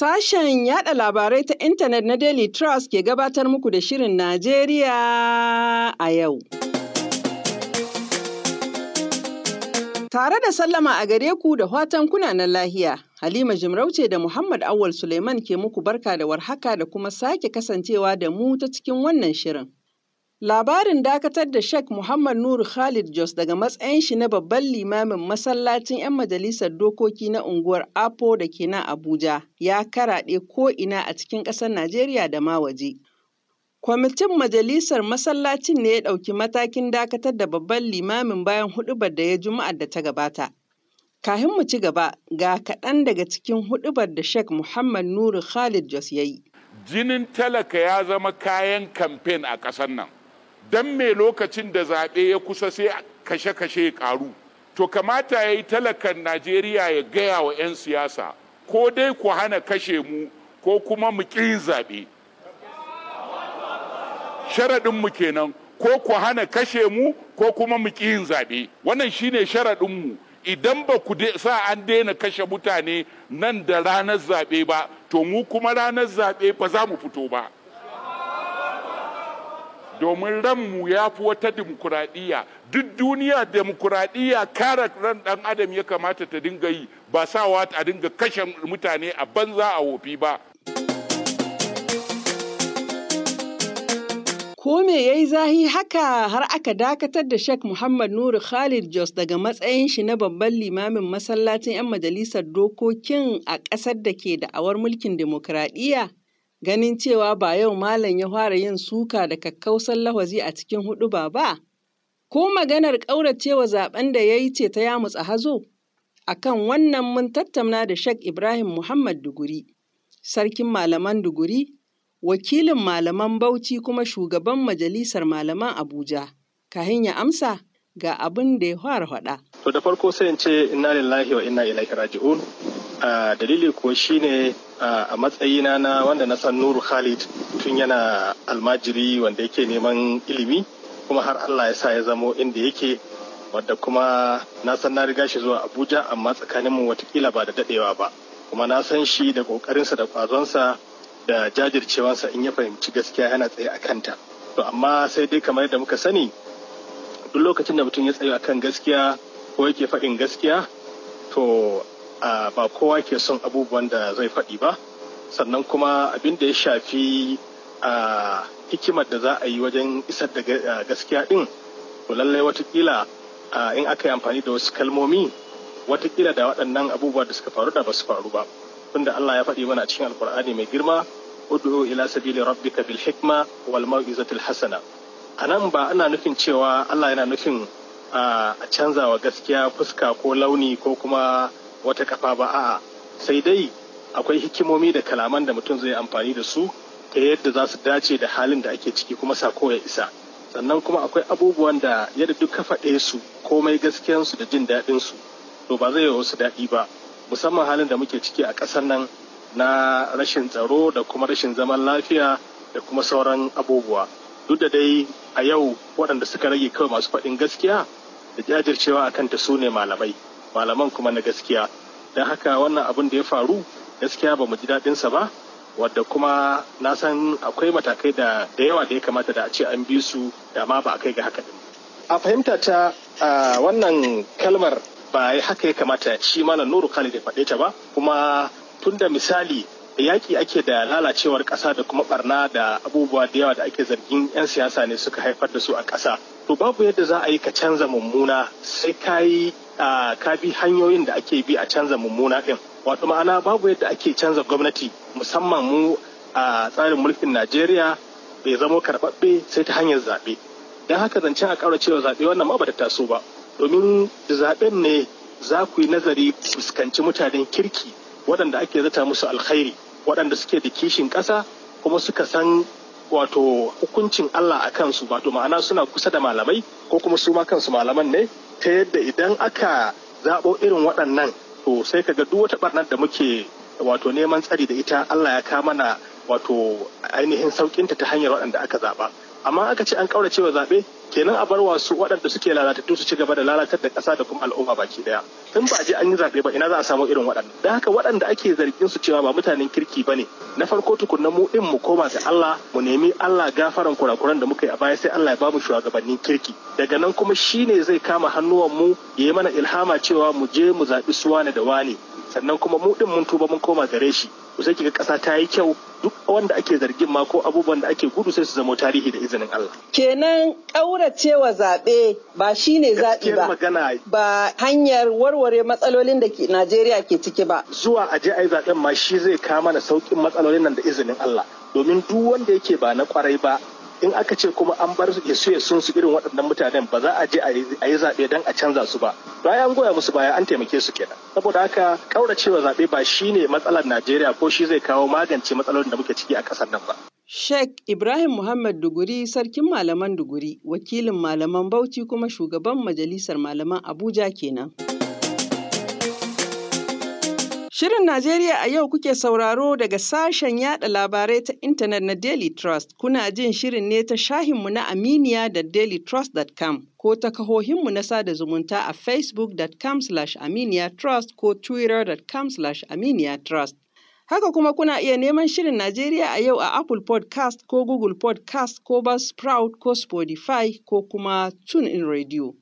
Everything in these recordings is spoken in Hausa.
Sashen yada labarai ta intanet na Daily Trust ke gabatar muku da Shirin Najeriya a yau. Tare da sallama a gare ku da watan kunanan lahiya, Halima Jimarauce da Muhammad Awal Suleiman ke muku barka da warhaka da kuma sake kasancewa da mu ta cikin wannan shirin. Labarin dakatar da Sheikh Muhammad Nuru Khalid Jos daga matsayin shi na babban limamin masallacin ‘yan majalisar dokoki na unguwar Apo da ke nan Abuja ya karaɗe ko'ina a cikin ƙasar Najeriya da ma waje. Kwamitin Majalisar Masallacin ne ya ɗauki matakin dakatar da babban limamin bayan huɗubar da ya Juma'ar da ta gabata. kafin mu ci gaba ga kaɗan daga cikin huɗubar da Sheikh Muhammad Nuru Khalid Jos ya yi. Jinin talaka ya zama kayan kamfen a ƙasar nan. don me lokacin da zaɓe ya kusa sai kashe-kashe ya ƙaru to kamata ya yi talakan najeriya ya gaya wa 'yan siyasa ko dai ku hana kashe mu ko kuma mu ƙi yin zaɓe sharaɗinmu kenan ko ku hana kashe mu ko kuma mu ƙi yin zaɓe wannan shi ne sharaɗinmu idan ba ku sa an daina kashe mutane nan da ranar zaɓe ba to mu kuma ranar zaɓe ba za mu fito ba domin ranmu ya fi wata demokuraɗiyya duk duniya demokuraɗiyya kare ran ɗan adam ya kamata ta dinga yi ba sawa a dinga kashe mutane a banza a wofi ba ko me yayi zahi haka har aka dakatar da Sheikh Muhammad Nuru Khalid Jos daga matsayin shi na babban limamin masallacin 'yan majalisar dokokin a ƙasar da ke da'awar mulkin demokradiyya Ganin cewa ba yau Malam ya fara yin suka da kakkausan lafazi a cikin huɗuba ba, ko maganar ƙauracewa zaɓen da ya yi ce ta yamutsa hazo? A kan wannan mun tattauna da Sheikh Ibrahim Muhammad Duguri, sarkin malaman Duguri, wakilin malaman Bauchi kuma shugaban majalisar malaman Abuja. ka ya amsa ga abin da ya fara faɗa. To da farko sai in ce inna lillahi wa inna ilaihi raji'un. dalili kuwa shine a matsayina na wanda na san nuru khalid tun yana almajiri wanda yake neman ilimi kuma har allah ya sa ya zamo inda yake wadda kuma na san na riga shi zuwa abuja amma tsakaninmu watakila ba da dadewa ba kuma na san shi da kokarinsa da kwazonsa da jajircewansa in ya fahimci gaskiya yana tsaye a kanta to amma sai dai kamar da muka sani duk lokacin da mutum ya tsaye akan gaskiya ko yake faɗin gaskiya to ba kowa ke son abubuwan da zai faɗi ba sannan kuma abin da ya shafi hikimar da za a yi wajen isar da gaskiya ɗin to lallai watakila in aka yi amfani da wasu kalmomi watakila da waɗannan abubuwa da suka faru da ba su faru ba tunda Allah ya faɗi mana a cikin alkur'ani mai girma ud'u ila sabili rabbika bil hikma wal mau'izatil hasana anan ba ana nufin cewa Allah yana nufin a canza wa gaskiya fuska ko launi ko kuma wata kafa ba a'a sai dai akwai hikimomi da kalaman da mutum zai amfani da su ta yadda za su dace da halin da ake ciki kuma sako ya isa sannan kuma akwai abubuwan da yadda duk ka faɗe su komai gaskiyansu da jin daɗin su to ba zai yi wasu daɗi ba musamman halin da muke ciki a ƙasar nan na rashin tsaro da kuma rashin zaman lafiya da kuma sauran abubuwa duk da dai a yau waɗanda suka rage kawai masu faɗin gaskiya da jajircewa akan ta su ne malamai malaman kuma na gaskiya don haka wannan abin da ya faru gaskiya ba mu ji daɗinsa ba wadda kuma na san akwai matakai da da yawa da ya kamata da a ce an bi su da ma ba a kai ga haka a fahimta ta wannan kalmar ba haka ya kamata shi malam nuru khalid da faɗe ta ba kuma tun da misali yaƙi ake da lalacewar ƙasa da kuma barna da abubuwa da yawa da ake zargin 'yan siyasa ne suka haifar da su a ƙasa to babu yadda za a yi ka canza mummuna sai ka yi ka bi hanyoyin da ake bi a canza mummuna ɗin wato ma'ana babu yadda ake canza gwamnati musamman mu a tsarin mulkin najeriya bai zamo karɓaɓɓe sai ta hanyar zaɓe don haka zancen a ƙara cewa zaɓe wannan ma ba ta taso ba domin da zaɓen ne za ku yi nazari fuskanci mutanen kirki waɗanda ake zata musu alkhairi waɗanda suke da kishin ƙasa kuma suka san wato hukuncin Allah a kansu wato ma'ana suna kusa da malamai ko kuma su ma kansu malaman ne ta yadda idan aka zaɓo irin waɗannan to sai ka ga duk wata ɓarnar da muke wato neman tsari da ita Allah ya kama na wato ainihin sauƙinta ta hanyar waɗanda aka zaɓa. amma aka ce an kaurace wa zaɓe kenan a bar wasu waɗanda suke lalatattu su ci gaba da lalatar da ƙasa da kuma al'umma baki ɗaya Tun ba a je an yi zaɓe ba ina za a samu irin waɗanda da haka waɗanda ake zargin su cewa ba mutanen kirki ba ne na farko tukunna mu ɗin mu koma ga Allah mu nemi Allah gafaran kurakuran da muka yi a baya sai Allah ya bamu shugabannin kirki daga nan kuma shine zai kama hannuwan mu ya yi mana ilhama cewa mu je mu zaɓi suwane da wane sannan kuma mu ɗin mun tuba mun koma gare shi sai kiga ƙasa ta yi kyau duk wanda ake zargin ma ko abubuwan da ake gudu sai su zama tarihi da izinin Allah. Kenan ƙauracewa zaɓe ba shine ne zaɓi ba. Ba hanyar warware matsalolin da Najeriya ke ciki ba. Zuwa a je ayi zaɓen ma shi zai kama mana sauƙin matsalolin nan da izinin Allah. Domin duk wanda yake ba na ƙwarai ba in aka ce kuma an bar su ya sun su irin waɗannan mutanen ba za a je a yi zaɓe don a canza su ba bayan goya musu baya an taimake su kenan saboda haka kauracewa zaɓe ba shine matsalar Najeriya ko shi zai kawo magance matsalolin da muke ciki a ƙasar nan ba Sheikh Ibrahim Muhammad Duguri sarkin malaman Duguri wakilin malaman Bauchi kuma shugaban majalisar malaman Abuja kenan. Shirin Najeriya a yau kuke sauraro daga sashen yada labarai ta intanet na Daily Trust. Kuna jin shirin ne ta shahinmu na Aminiya da dailytrust.com ko ta kahohinmu na sada zumunta a facebookcom aminiyatrust ko twittercom aminiyatrust. Haka kuma kuna iya neman shirin Najeriya a yau a Apple podcast ko Google podcast ko Buzzsprout ko Spotify ko kuma TuneIn Radio.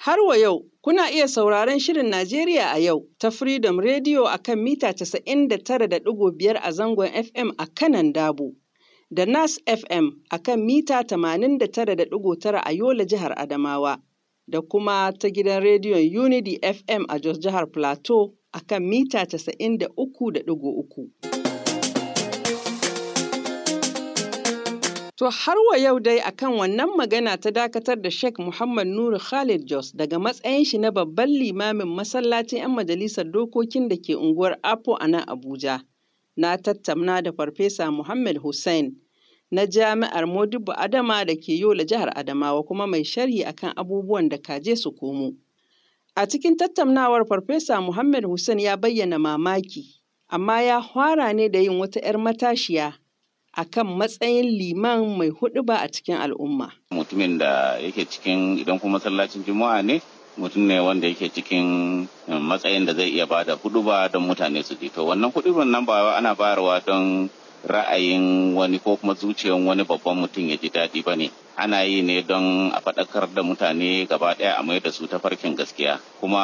Har wa yau, kuna iya sauraron Shirin Najeriya a yau ta Freedom Radio a kan mita 99.5 a zangon FM a kanan Dabo, da Nas FM a kan mita 89.9 a Yola jihar Adamawa, da kuma ta gidan rediyon Unity FM a Jos jihar Plateau a kan mita 93.3. To har wa yau dai akan wannan magana ta dakatar da Sheikh Muhammad Nuru Khalid Jos daga matsayin shi na babban limamin masallacin 'yan majalisar dokokin da ke unguwar Apo a nan Abuja. Na tattauna da Farfesa Muhammad Hussein na Jami'ar Modibo Adama da ke Yola jihar Adamawa kuma mai sharhi akan abubuwan da kaje su komo. A cikin tattaunawar Farfesa Muhammad Hussein ya bayyana mamaki, amma ya hwara ne da yin wata 'yar matashiya akan matsayin liman mai huɗuba a cikin al'umma. Mutumin da yake cikin idan kuma masallacin juma'a ne mutum ne wanda yake cikin eh, matsayin da zai iya bada huɗuba don mutane su to wannan ba nan ba ana bayarwa don ra'ayin wani ko kuma zuciyan wani babban mutum ya ji daɗi ba ne ana yi ne don a faɗakar da mutane gaba ɗaya a mai da su ta farkin gaskiya kuma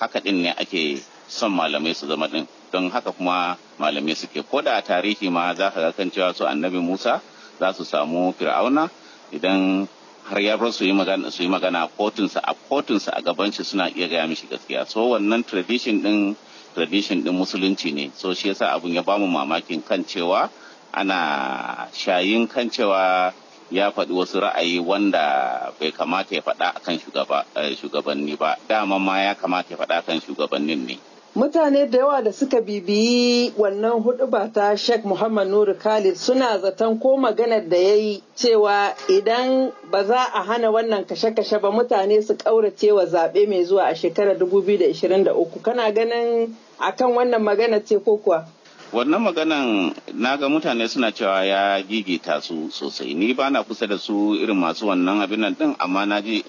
haka ɗin ne ake son malamai su zama ɗin don haka kuma malamai suke ko da tarihi ma za ka ga kan cewa su annabi musa za su samu fir'auna idan har ya su yi magana su yi magana kotunsa a kotunsa a gaban shi suna iya gaya mishi gaskiya so wannan tradition din tradition din musulunci ne so shi yasa abun ya bamu mamakin kan cewa ana shayin kan cewa ya faɗi wasu ra'ayi wanda bai kamata ya faɗa akan eh, shugabanni ba dama ma ya kamata ya faɗa akan shugabannin ne mutane da yawa da suka bibiyi wannan huduba ta Sheikh Muhammad Nuru Khalid suna zaton ko maganar da ya yi cewa idan ba za a hana wannan kashe-kashe ba mutane su kaurace wa zaɓe mai zuwa a shekarar 2023 kana ganin akan wannan magana ce ko kuwa? Wannan maganan ga mutane suna cewa ya gigita su sosai ni ba na kusa da su irin masu wannan abin nan din amma na ji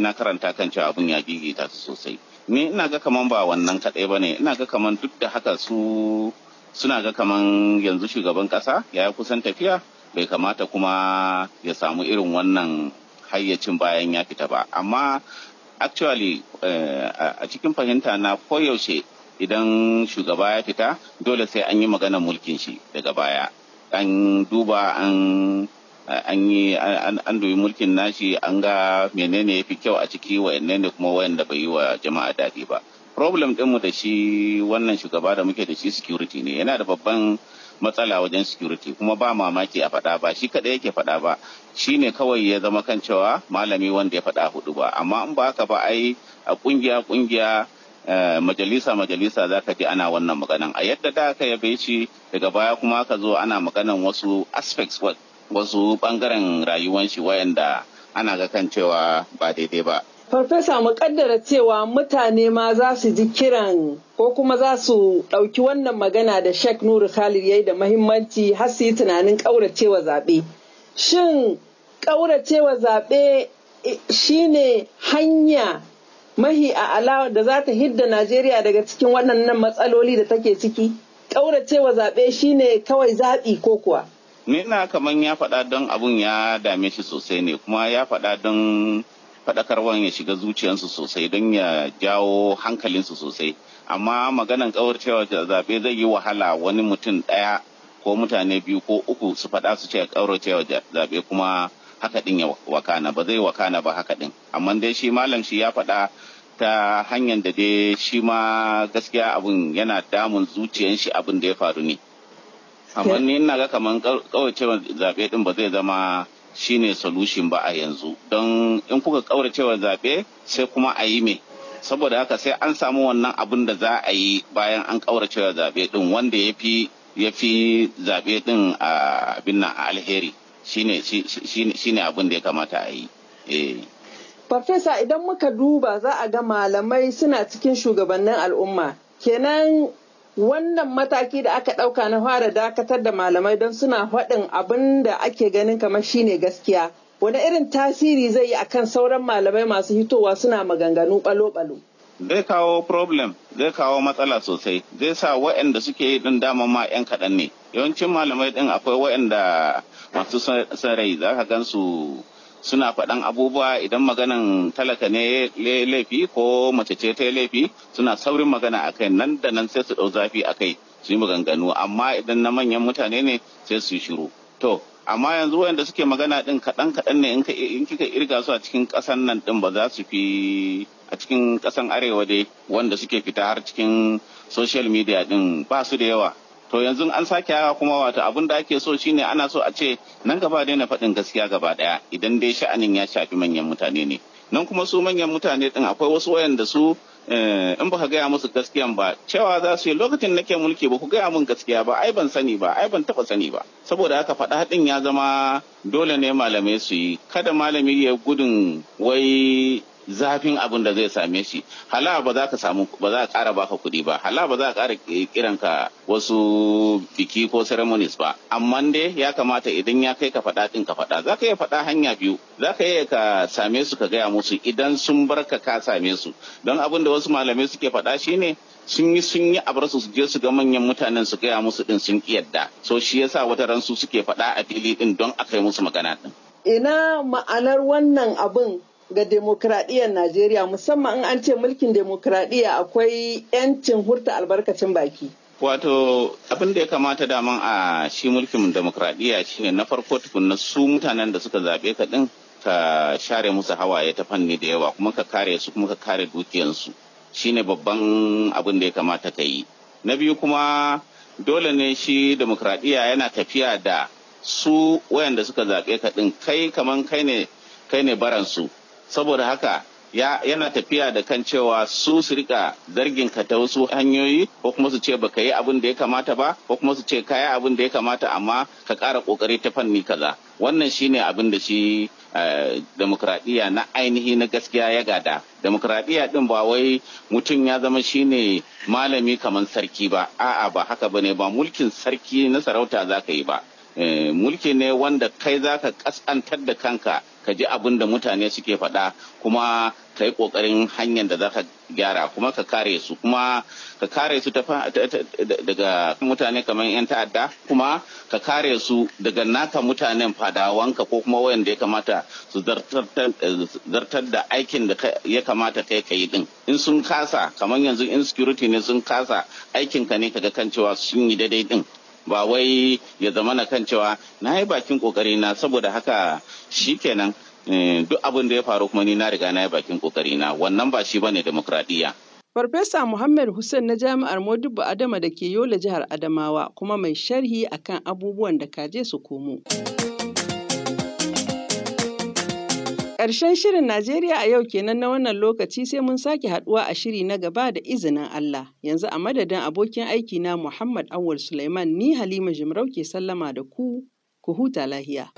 na karanta kan cewa abin ya gigita su sosai. ni ina ga kaman ba wannan kaɗai ba ne ina ga kaman duk da haka su suna ga kaman yanzu shugaban ƙasa ya kusan tafiya bai kamata kuma ya samu irin wannan hayyacin bayan ya fita ba amma actually eh, a cikin fahimta na koyaushe idan shugaba ya fita dole sai an yi maganar mulkin shi daga baya an duba an an yi an dubi mulkin nashi an ga menene yafi kyau a ciki wa ne kuma wayanda bai yi wa jama'a daɗi ba problem ɗinmu da shi wannan shugaba da muke da shi security ne yana da babban matsala wajen security kuma ba mamaki a faɗa ba shi kaɗai yake faɗa ba shi ne kawai ya zama kan cewa malami wanda ya faɗa hudu ba amma in ba haka ba ai a ƙungiya ƙungiya eh, majalisa majalisa za ka ji ana wannan maganan a yadda da aka yabe shi daga baya kuma aka zo ana maganan wasu aspects wasu ɓangaren rayuwan shi wayanda ana ga kan cewa ba daidai ba. Farfesa mu kaddara cewa mutane ma za su ji kiran ko kuma za su ɗauki wannan magana da Sheikh Nuru Khalid yayi da mahimmanci har su yi tunanin ƙauracewa zaɓe. Shin ƙauracewa zaɓe eh, shine hanya mahi a alawa da za ta hidda Najeriya daga cikin waɗannan matsaloli da take ciki? Ƙauracewa zaɓe shine kawai zaɓi ko kuwa? ni kamar kaman ya faɗa don abun ya dame shi sosai ne kuma ya faɗa don faɗakarwan ya shiga zuciyarsu sosai don ya jawo hankalinsu sosai amma maganan kauracewa zaɓe zai yi wahala wani mutum ɗaya ko mutane biyu ko uku su faɗa su ce kauracewa zaɓe kuma haka ɗin ya wakana ba zai wakana ba haka ɗin amma dai shi malam shi ya faɗa ta hanyar da dai shi ma gaskiya abun yana damun zuciyar shi abun da ya faru ne. amma ni ina ga kamar kauracewa zabe din ba zai zama shine solution ba a yanzu don in kuka kauracewa zaɓe sai kuma a yi me saboda haka sai an samu wannan abin da za a yi bayan an kauracewa zabe din wanda ya fi ya fi zaɓe din a abin nan a alheri shine shine abin da ya kamata a yi eh. Farfesa idan muka duba za a ga malamai suna cikin shugabannin al'umma kenan wannan mataki da aka ɗauka na fara dakatar da malamai don suna faɗin abin da ake ganin kamar shine gaskiya wani irin tasiri zai yi akan sauran malamai masu hitowa suna maganganu ɓalo-ɓalo. zai kawo problem zai kawo matsala sosai zai sa wa'anda suke yi ɗin dama ma 'yan kaɗan ne yawancin malamai ɗin akwai wa'anda masu sarai za ka gan suna faɗan abubuwa idan maganan talaka ne laifi ko mace ce ta laifi suna saurin magana a kai nan da nan sai su ɗau zafi a kai su yi maganganu amma idan na manyan mutane ne sai su shiru to amma yanzu wayanda suke magana ɗin kaɗan kaɗan ne in kika irga su a cikin ƙasan nan ɗin ba za su fi a cikin ƙasan arewa dai wanda suke fita har cikin social media ɗin ba su da yawa to yanzu an sake yara kuma wato abin da ake so shine ana so a ce nan gaba dai na faɗin gaskiya gaba ɗaya idan dai sha'anin ya shafi manyan mutane ne nan kuma su manyan mutane din akwai wasu wayanda su eh, in baka gaya musu gaskiyan ba cewa za su yi lokacin nake mulki ba ku gaya mun gaskiya ba ai ban sani ba ai ban taba sani ba saboda haka faɗa haɗin ya zama dole ne malamai su yi kada malami ya gudun wai zafin abin da zai same shi hala ba za ka samu ba za ka ƙara baka kuɗi ba hala ba za a ƙara kiran ka wasu biki ko ceremonies ba amma dai ya kamata idan ya kai ka faɗa ɗin ka faɗa za ka iya faɗa hanya biyu za ka iya ka same su ka gaya musu idan sun bar ka ka same su don abin da wasu malamai suke faɗa shine sun yi sun yi abar su je su ga manyan mutanen su gaya musu din sun yadda so shi yasa wata ransu suke faɗa a fili din don a kai musu magana din ina ma'anar wannan abin ga demokradiyyar Najeriya musamman in an ce mulkin demokradiyya akwai 'yancin hurta albarkacin baki. Wato abin da ya kamata daman a shi mulkin demokradiyya shine na farko na su mutanen da suka zaɓe ka ɗin ka share musu hawaye ta fanni da yawa kuma ka kare su kuma ka kare dukiyansu ne babban abin da ya kamata ka yi. Na biyu kuma dole ne shi demokradiyya yana tafiya da su wayanda suka zaɓe ka ɗin kai kaman kai ne baransu saboda haka ya yana tafiya da kan cewa su su rika zargin ka ta wasu hanyoyi ko kuma su ce baka yi abin da ya kamata ba ko kuma su ce ka yi abin da ya kamata amma ka ƙara ƙoƙari ta fanni kaza wannan shine abin da shi eh, demokradiyya na ainihi na gaskiya ya gada demokradiyya din ba wai mutum ya zama shine malami kamar sarki ba a'a ba haka bane ba mulkin sarki na sarauta za ka yi ba Eh, mulki ne wanda kai za ka ƙasƙantar da kanka ka ji abin da mutane suke faɗa kuma ka yi ƙoƙarin hanyar da za ka gyara kuma ka kare su kuma ka kare su daga mutane kamar 'yan ta'adda kuma ka kare su daga naka mutanen fadawanka ko kuma wayanda ya kamata su zartar da aikin da ya kamata kai ka yi din in sun kasa kamar yanzu insecurity ne sun kasa aikinka ne kaga kan cewa sun yi daidai din ba wai ya zama na kan cewa na yi bakin kokari na saboda haka shi kenan eh, duk abin da ya faru kuma ni na riga na yi bakin kokari na wannan ba shi bane demokradiyya Farfesa Muhammad Hussein na Jami'ar Modibo Adama da ke Yola jihar Adamawa kuma mai sharhi akan abubuwan da kaje su komo. Ƙarshen shirin Najeriya a yau kenan na wannan lokaci sai mun sake haduwa a shiri na gaba da izinin Allah. Yanzu a madadin abokin aiki na Muhammad Awul Suleiman ni Halima Jimarau ke sallama da ku, ku huta lahiya.